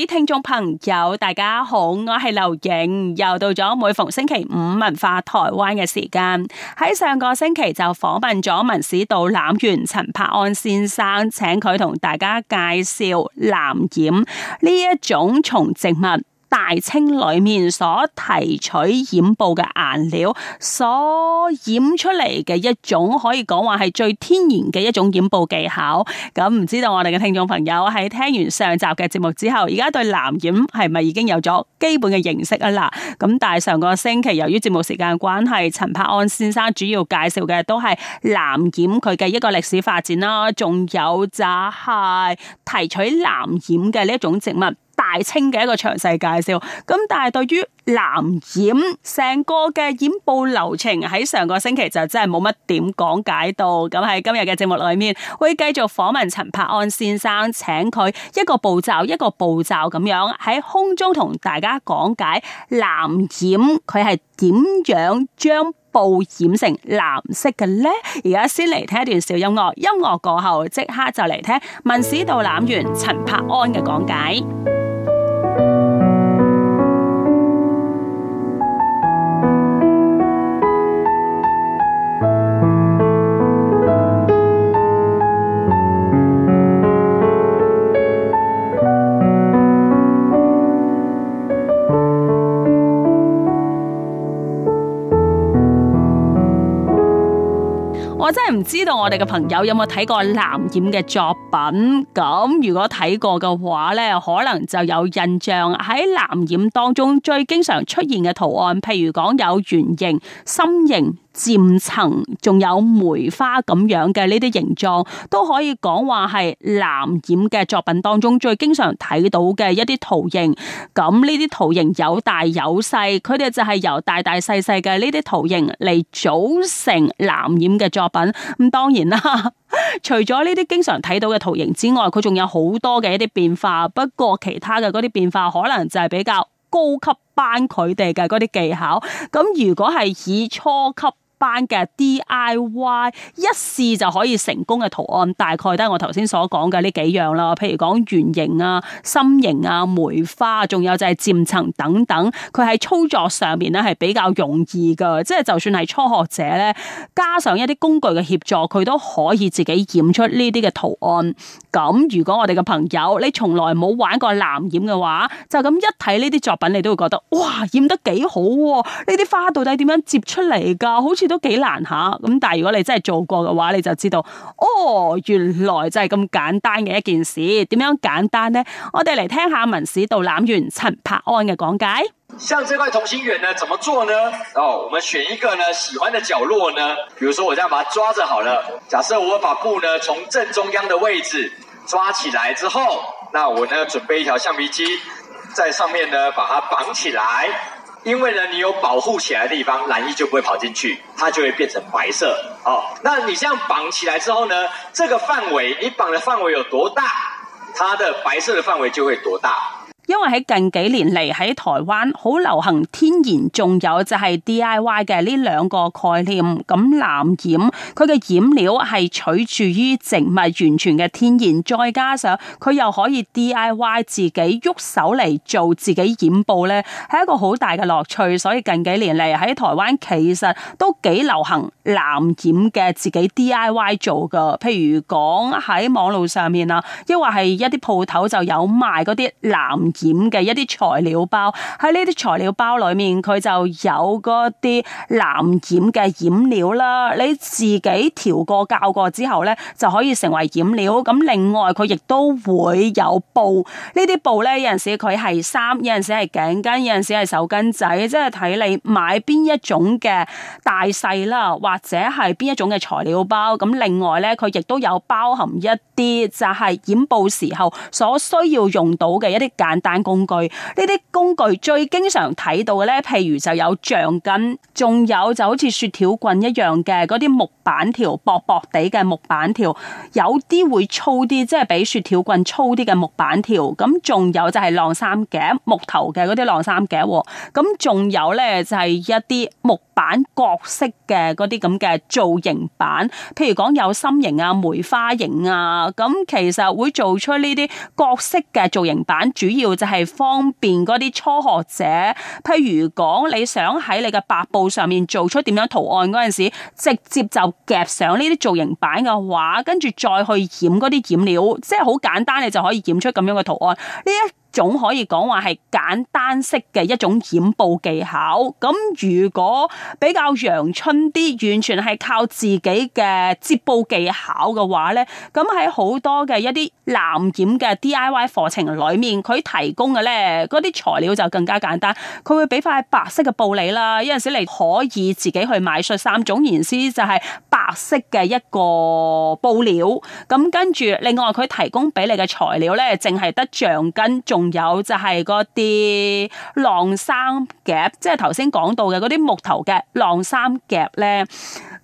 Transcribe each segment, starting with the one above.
啲聽眾朋友，大家好，我係劉穎，又到咗每逢星期五文化台灣嘅時間。喺上個星期就訪問咗文史導覽員陳柏安先生，請佢同大家介紹藍染呢一種從植物。大清裏面所提取染布嘅顏料，所染出嚟嘅一種可以講話係最天然嘅一種染布技巧。咁唔知道我哋嘅聽眾朋友喺聽完上集嘅節目之後，而家對藍染係咪已經有咗基本嘅認識啊？嗱，咁但係上個星期由於節目時間關係，陳柏安先生主要介紹嘅都係藍染佢嘅一個歷史發展啦，仲有就係提取藍染嘅呢一種植物，大清嘅一個詳細介紹，咁但係對於藍染成個嘅染布流程喺上個星期就真係冇乜點講解到，咁喺今日嘅節目裏面會繼續訪問陳柏安先生，請佢一個步驟一個步驟咁樣喺空中同大家講解藍染佢係點樣將布染成藍色嘅呢？而家先嚟聽一段小音樂，音樂過後即刻就嚟聽文史導覽員陳柏安嘅講解。我真係唔知道我哋嘅朋友有冇睇過藍染嘅作品，咁如果睇過嘅話呢，可能就有印象喺藍染當中最經常出現嘅圖案，譬如講有圓形、心形。漸層，仲有梅花咁樣嘅呢啲形狀，都可以講話係藍染嘅作品當中最經常睇到嘅一啲圖形。咁呢啲圖形有大有細，佢哋就係由大大細細嘅呢啲圖形嚟組成藍染嘅作品。咁當然啦，除咗呢啲經常睇到嘅圖形之外，佢仲有好多嘅一啲變化。不過其他嘅嗰啲變化可能就係比較。高級班佢哋嘅嗰啲技巧，咁如果係以初級班，班嘅 DIY 一試就可以成功嘅圖案，大概都係我頭先所講嘅呢幾樣啦。譬如講圓形啊、心形啊、梅花，仲有就係漸層等等。佢喺操作上面咧係比較容易噶，即係就算係初學者咧，加上一啲工具嘅協助，佢都可以自己染出呢啲嘅圖案。咁如果我哋嘅朋友你從來冇玩過藍染嘅話，就咁一睇呢啲作品，你都會覺得哇，染得幾好，呢啲花到底點樣接出嚟噶？好似都幾難下，咁但係如果你真係做過嘅話，你就知道哦，原來就係咁簡單嘅一件事。點樣簡單呢？我哋嚟聽下文史導覽員陳柏安嘅講解。像這塊同心圓呢，怎麼做呢？哦，我們選一個呢喜歡的角落呢，比如說我這樣把它抓着好了。假設我把布呢從正中央的位置抓起來之後，那我呢準備一條橡皮筋，在上面呢把它綁起來。因為呢，你有保護起來的地方，藍衣就不會跑進去，它就會變成白色。哦，那你這樣綁起來之後呢，這個範圍，你綁的範圍有多大，它的白色的範圍就會多大。因為喺近幾年嚟喺台灣好流行天然，仲有就係 DIY 嘅呢兩個概念。咁藍染佢嘅染料係取自於植物，完全嘅天然，再加上佢又可以 DIY 自己喐手嚟做自己染布呢，係一個好大嘅樂趣。所以近幾年嚟喺台灣其實都幾流行藍染嘅自己 DIY 做㗎。譬如講喺網路上面啊，抑或係一啲鋪頭就有賣嗰啲藍染嘅一啲材料包。喺呢啲材料包裏面，佢就有嗰啲藍染嘅染料啦。你自己調過教過之後咧，就可以成為染料。咁另外佢亦都會有布，布呢啲布咧，有陣時佢係衫，有陣時係頸巾，有陣時係手巾仔，即係睇你買邊一種嘅大細啦，或者係邊一種嘅材料包。咁另外咧，佢亦都有包含一。就係染布時候所需要用到嘅一啲簡單工具，呢啲工具最經常睇到嘅咧，譬如就有橡筋，仲有就好似雪條棍一樣嘅嗰啲木板條，薄薄地嘅木板條，有啲會粗啲，即係比雪條棍粗啲嘅木板條。咁仲有就係晾衫夾，木頭嘅嗰啲晾衫夾喎，咁仲有咧就係一啲木板角色嘅嗰啲咁嘅造型板，譬如講有心形啊、梅花形啊。咁其實會做出呢啲各式嘅造型板，主要就係方便嗰啲初學者。譬如講，你想喺你嘅白布上面做出點樣圖案嗰陣時，直接就夾上呢啲造型板嘅話，跟住再去染嗰啲染料，即係好簡單，你就可以染出咁樣嘅圖案。呢一總可以講話係簡單式嘅一種染布技巧。咁如果比較陽春啲，完全係靠自己嘅摺布技巧嘅話咧，咁喺好多嘅一啲藍染嘅 DIY 課程裏面，佢提供嘅咧啲材料就更加簡單，佢會俾塊白色嘅布你啦，有陣時你可以自己去買恤衫，總之就係白色嘅一個布料。咁跟住，另外佢提供俾你嘅材料咧，淨係得橡筋。仲有就係嗰啲晾衫夾，即係頭先講到嘅嗰啲木頭嘅晾衫夾呢，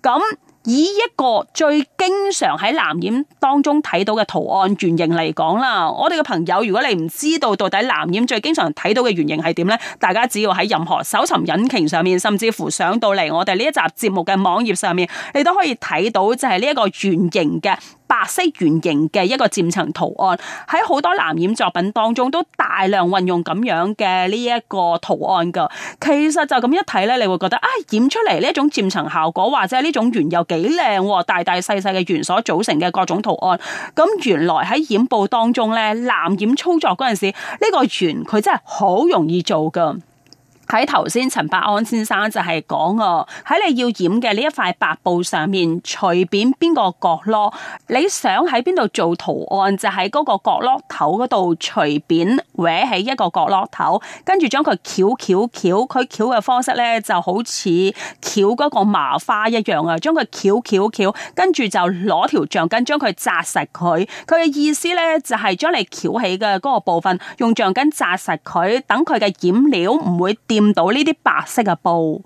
咁以一個最經常喺藍染當中睇到嘅圖案原型嚟講啦，我哋嘅朋友，如果你唔知道到底藍染最經常睇到嘅原型係點呢？大家只要喺任何搜尋引擎上面，甚至乎上到嚟我哋呢一集節目嘅網頁上面，你都可以睇到就係呢一個原型嘅。白色圓形嘅一個漸層圖案，喺好多藍染作品當中都大量運用咁樣嘅呢一個圖案噶。其實就咁一睇呢，你會覺得啊，染出嚟呢一種漸層效果或者呢種圓又幾靚，大大細細嘅圓所組成嘅各種圖案。咁原來喺染布當中呢，藍染操作嗰陣時，呢個圓佢真係好容易做噶。喺頭先，陳百安先生就係講喎，喺你要染嘅呢一塊白布上面，隨便邊個角落，你想喺邊度做圖案，就喺、是、嗰個角落頭嗰度隨便歪喺一個角落頭，跟住將佢翹翹翹，佢翹嘅方式咧就好似翹嗰個麻花一樣啊，將佢翹翹翹，跟住就攞條橡筋將佢紮實佢。佢嘅意思咧就係、是、將你翹起嘅嗰個部分用橡筋紮實佢，等佢嘅染料唔會掉。掂到呢啲白色嘅布，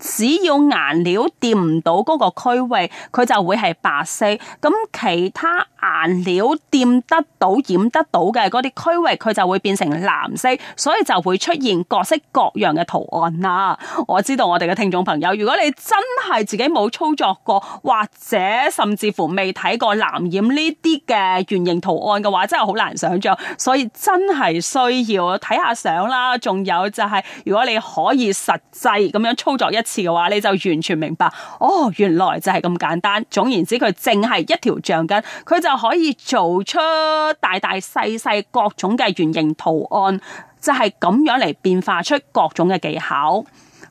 只要顏料掂唔到嗰個區域，佢就會係白色。咁其他。顏料掂得到染得到嘅嗰啲區域，佢就會變成藍色，所以就會出現各式各樣嘅圖案啦。我知道我哋嘅聽眾朋友，如果你真係自己冇操作過，或者甚至乎未睇過藍染呢啲嘅圓形圖案嘅話，真係好難想象。所以真係需要睇下相啦。仲有就係，如果你可以實際咁樣操作一次嘅話，你就完全明白。哦，原來就係咁簡單。總言之，佢淨係一條橡筋，佢就。就可以做出大大細細各種嘅圓形圖案，就係咁樣嚟變化出各種嘅技巧。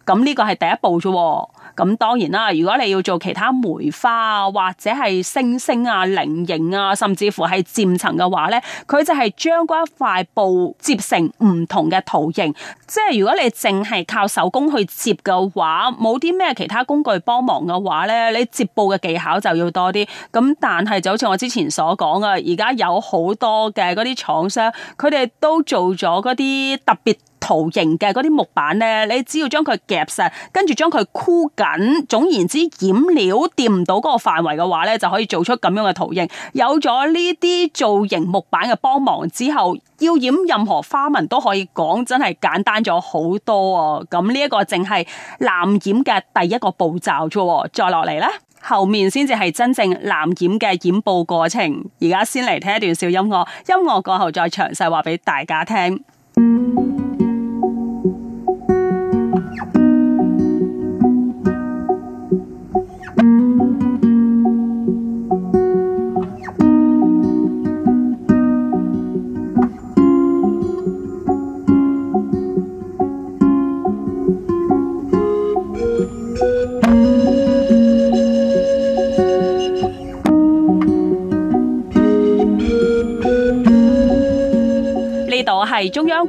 咁呢個係第一步啫。咁當然啦，如果你要做其他梅花啊，或者係星星啊、菱形啊，甚至乎係漸層嘅話咧，佢就係將嗰塊布摺成唔同嘅圖形。即係如果你淨係靠手工去摺嘅話，冇啲咩其他工具幫忙嘅話咧，你摺布嘅技巧就要多啲。咁但係就好似我之前所講啊，而家有好多嘅嗰啲廠商，佢哋都做咗嗰啲特別圖形嘅嗰啲木板呢，你只要將佢夾實，跟住將佢箍緊，總言之，染料掂唔到嗰個範圍嘅話呢，就可以做出咁樣嘅圖形。有咗呢啲造型木板嘅幫忙之後，要染任何花紋都可以講，真係簡單咗好多啊，哦！咁呢一個淨係藍染嘅第一個步驟啫，哦，再落嚟，呢，後面先至係真正藍染嘅染布過程。而家先嚟聽一段小音樂，音樂過後再詳細話俾大家聽。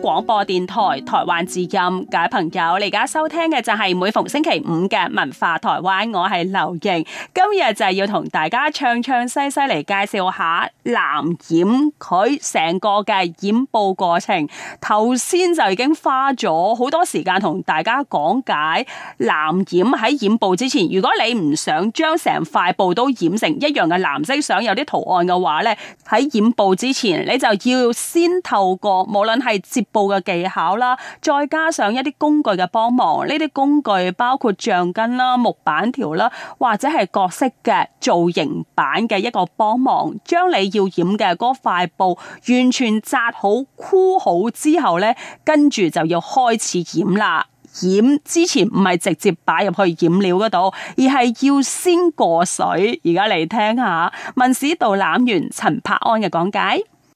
廣播電台台灣自音各位朋友，你而家收聽嘅就係每逢星期五嘅文化台灣，我係劉瑩，今日就係要同大家唱唱西西嚟介紹下藍染，佢成個嘅染布過程。頭先就已經花咗好多時間同大家講解藍染喺染布之前，如果你唔想將成塊布都染成一樣嘅藍色，想有啲圖案嘅話咧，喺染布之前，你就要先透過無論係接布嘅技巧啦，再加上一啲工具嘅幫忙，呢啲工具包括橡筋啦、木板條啦，或者係各式嘅造型板嘅一個幫忙，將你要染嘅嗰塊布完全紮好、箍好之後咧，跟住就要開始染啦。染之前唔係直接擺入去染料嗰度，而係要先過水。而家嚟聽下文史導覽員陳柏安嘅講解。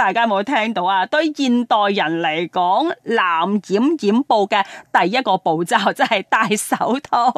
大家有冇聽到啊？對現代人嚟講，藍染染布嘅第一個步驟，即係戴手套。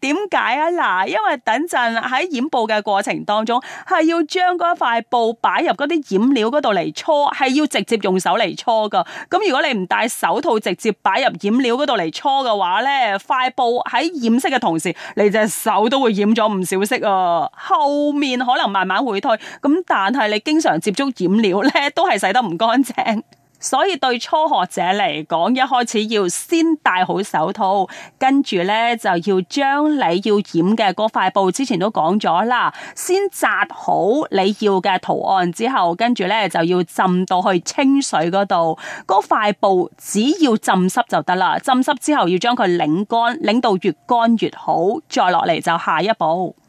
點解啊？嗱，因為等陣喺染布嘅過程當中，係要將嗰塊布擺入嗰啲染料嗰度嚟搓，係要直接用手嚟搓㗎。咁如果你唔戴手套，直接擺入染料嗰度嚟搓嘅話呢，塊布喺染色嘅同時，你隻手都會染咗唔少色啊。後面可能慢慢會退。咁但係你經常接觸染料呢。都係洗得唔乾淨，所以對初學者嚟講，一開始要先戴好手套，跟住呢，就要將你要染嘅嗰塊布，之前都講咗啦，先紮好你要嘅圖案之後，跟住呢，就要浸到去清水嗰度，嗰塊布只要浸濕就得啦，浸濕之後要將佢擰乾，擰到越乾越好，再落嚟就下一步。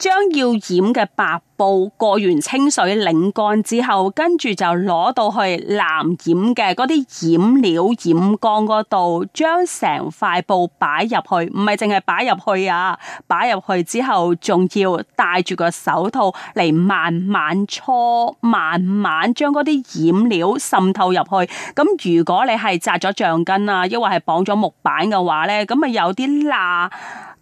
將要染嘅白布過完清水擰乾之後，跟住就攞到去藍染嘅嗰啲染料染缸嗰度，將成塊布擺入去，唔係淨係擺入去啊！擺入去之後，仲要戴住個手套嚟慢慢搓，慢慢將嗰啲染料滲透入去。咁如果你係紮咗橡筋啊，抑或係綁咗木板嘅話呢，咁咪有啲罅，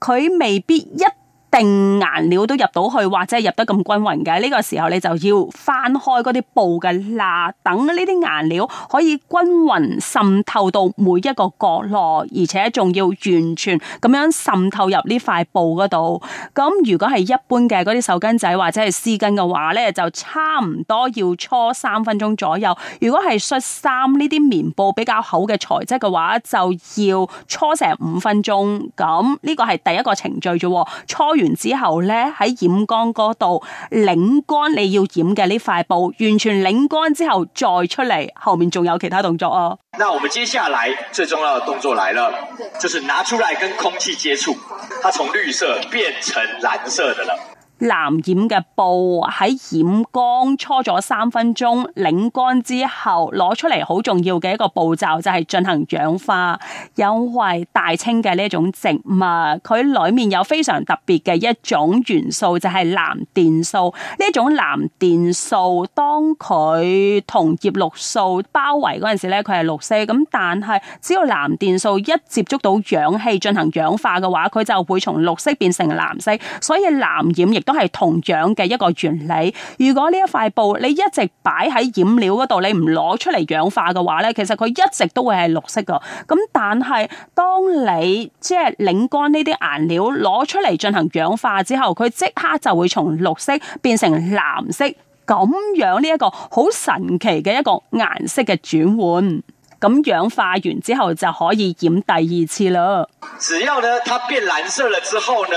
佢未必一。，定顏料都入到去，或者入得咁均勻嘅呢個時候，你就要翻開嗰啲布嘅罅，等呢啲顏料可以均勻滲透到每一個角落，而且仲要完全咁樣滲透入呢塊布嗰度。咁、嗯、如果係一般嘅嗰啲手巾仔或者係絲巾嘅話呢，就差唔多要搓三分鐘左右；如果係恤衫呢啲棉布比較厚嘅材質嘅話，就要搓成五分鐘。咁呢、呢個係第一個程序啫，搓。完之後呢，喺染缸嗰度擰乾你要染嘅呢塊布，完全擰乾之後再出嚟，後面仲有其他動作啊、哦！那我們接下來最重要的動作來了，就是拿出來跟空氣接觸，它從綠色變成藍色的了。藍染嘅布喺染缸搓咗三分鐘，擰乾之後攞出嚟，好重要嘅一個步驟就係進行氧化。因為大青嘅呢種植物，佢裡面有非常特別嘅一種元素，就係藍電素。呢一種藍電素，當佢同葉綠素包圍嗰陣時咧，佢係綠色。咁但係，只要藍電素一接觸到氧氣進行氧化嘅話，佢就會從綠色變成藍色。所以藍染亦都係同樣嘅一個原理。如果呢一塊布你一直擺喺染料嗰度，你唔攞出嚟氧化嘅話呢，其實佢一直都會係綠色嘅。咁但係當你即係、就是、擰乾呢啲顏料攞出嚟進行氧化之後，佢即刻就會從綠色變成藍色，咁樣呢一個好神奇嘅一個顏色嘅轉換。咁氧化完之後就可以染第二次啦。只要呢，它變藍色了之後呢，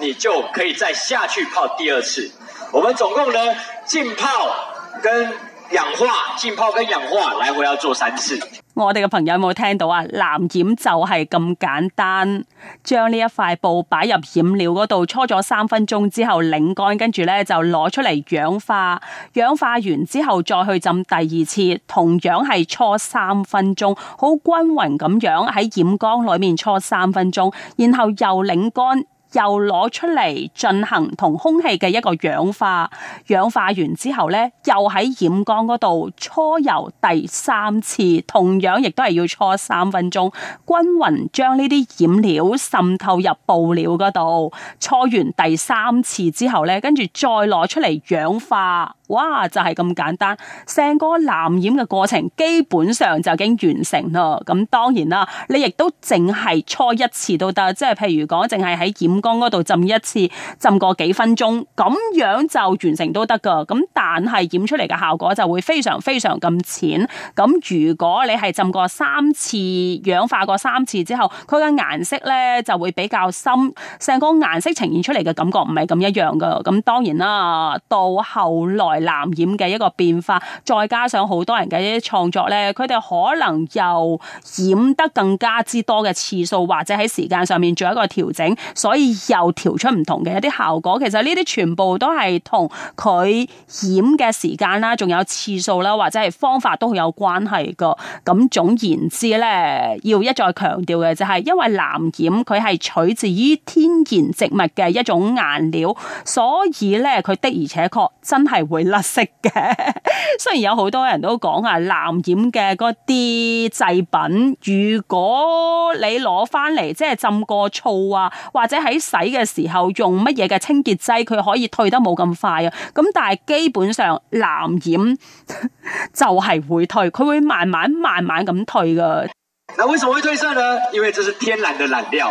你就可以再下去泡第二次。我們總共呢，浸泡跟。氧化浸泡跟氧化來回要做三次。我哋嘅朋友有冇聽到啊？藍染就係咁簡單，將呢一塊布擺入染料嗰度，搓咗三分鐘之後擰乾，跟住呢就攞出嚟氧化。氧化完之後再去浸第二次，同樣係搓三分鐘，好均勻咁樣喺染缸裏面搓三分鐘，然後又擰乾。又攞出嚟進行同空氣嘅一個氧化，氧化完之後呢，又喺染缸嗰度搓油第三次，同樣亦都係要搓三分鐘，均勻將呢啲染料滲透入布料嗰度。搓完第三次之後呢，跟住再攞出嚟氧化。哇！就係咁簡單，成個藍染嘅過程基本上就已經完成咯。咁當然啦，你亦都淨係搓一次都得，即係譬如講淨係喺染缸嗰度浸一次，浸過幾分鐘，咁樣就完成都得噶。咁但係染出嚟嘅效果就會非常非常咁淺。咁如果你係浸過三次，氧化過三次之後，佢嘅顏色呢就會比較深，成個顏色呈現出嚟嘅感覺唔係咁一樣噶。咁當然啦，到後來，藍染嘅一個變化，再加上好多人嘅一啲創作咧，佢哋可能又染得更加之多嘅次數，或者喺時間上面做一個調整，所以又調出唔同嘅一啲效果。其實呢啲全部都係同佢染嘅時間啦，仲有次數啦，或者係方法都好有關係㗎。咁總言之咧，要一再強調嘅就係、是，因為藍染佢係取自於天然植物嘅一種顏料，所以咧佢的而且確真係會。黑色嘅， 雖然有好多人都講啊，藍染嘅嗰啲製品，如果你攞翻嚟，即係浸過醋啊，或者喺洗嘅時候用乜嘢嘅清潔劑，佢可以退得冇咁快啊。咁但係基本上藍染就係會退，佢會慢慢慢慢咁退噶。嗱，為什麼會褪色呢？因為這是天然的染料。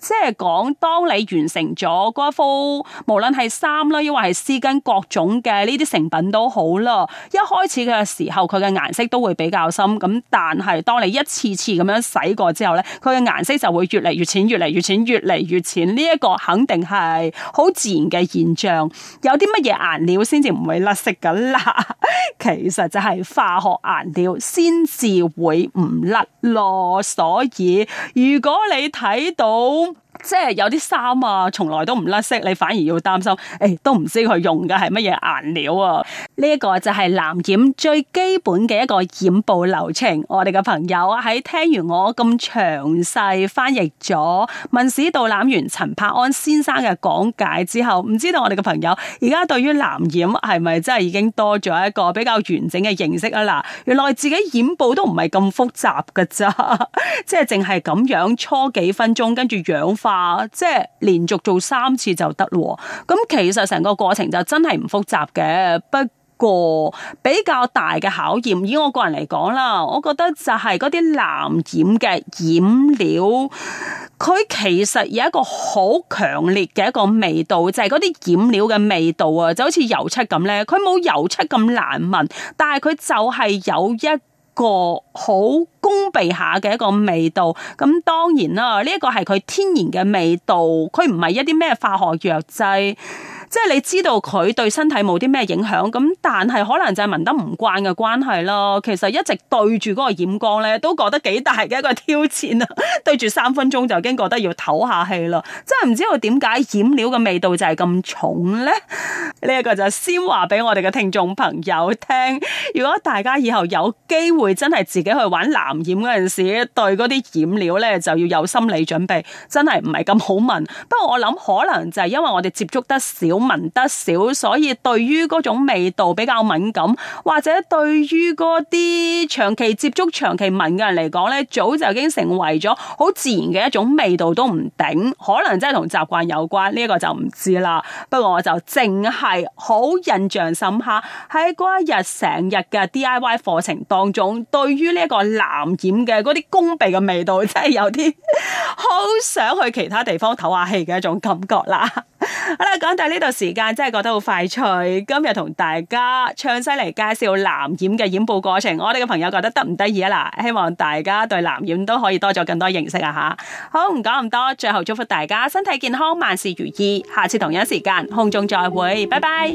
即係講，當你完成咗嗰一副，無論係衫啦，抑或係絲巾，各種嘅呢啲成品都好啦。一開始嘅時候，佢嘅顏色都會比較深。咁但係當你一次次咁樣洗過之後呢，佢嘅顏色就會越嚟越淺，越嚟越淺，越嚟越淺。呢一個肯定係好自然嘅現象。有啲乜嘢顏料先至唔會甩色噶啦？ 其實就係化學顏料先至會唔甩咯。所以如果你睇到，即係有啲衫啊，從來都唔甩色，你反而要擔心，誒、哎，都唔知佢用嘅係乜嘢顏料啊？呢一個就係藍染最基本嘅一個染布流程。我哋嘅朋友喺聽完我咁詳細翻譯咗文史導覽員陳柏安先生嘅講解之後，唔知道我哋嘅朋友而家對於藍染係咪真係已經多咗一個比較完整嘅認識啊？嗱，原來自己染布都唔係咁複雜㗎咋，即係淨係咁樣搓幾分鐘，跟住氧化。啊！即係連續做三次就得咯，咁其實成個過程就真係唔複雜嘅。不過比較大嘅考驗，以我個人嚟講啦，我覺得就係嗰啲藍染嘅染料，佢其實有一個好強烈嘅一個味道，就係嗰啲染料嘅味道啊，就好似油漆咁咧。佢冇油漆咁難聞，但係佢就係有一個好封閉下嘅一個味道，咁當然啦，呢一個係佢天然嘅味道，佢唔係一啲咩化學藥劑。即係你知道佢對身體冇啲咩影響咁，但係可能就係聞得唔慣嘅關係咯。其實一直對住嗰個染缸咧，都覺得幾大嘅一個挑戰啊！ 對住三分鐘就已經覺得要唞下氣啦。真係唔知佢點解染料嘅味道就係咁重呢？呢、呢、一個就先話俾我哋嘅聽眾朋友聽。如果大家以後有機會真係自己去玩藍染嗰陣時，對嗰啲染料咧就要有心理準備，真係唔係咁好聞。不過我諗可能就係因為我哋接觸得少。聞得少，所以對於嗰種味道比較敏感，或者對於嗰啲長期接觸、長期聞嘅人嚟講咧，早就已經成為咗好自然嘅一種味道都唔頂，可能真係同習慣有關。呢一個就唔知啦。不過我就淨係好印象深刻喺嗰一日成日嘅 DIY 課程當中，對於呢一個藍染嘅嗰啲工鼻嘅味道，真係有啲好 想去其他地方唞下氣嘅一種感覺啦。好啦，講、 well, 到呢度時間真係覺得好快趣。今日同大家詳細嚟介紹藍染嘅染布過程，我哋嘅朋友覺得得唔得意啊？嗱，希望大家對藍染都可以多咗更多認識啊！吓，好，唔講咁多，最後祝福大家身體健康，萬事如意。下次同樣時間，空中再會，拜拜。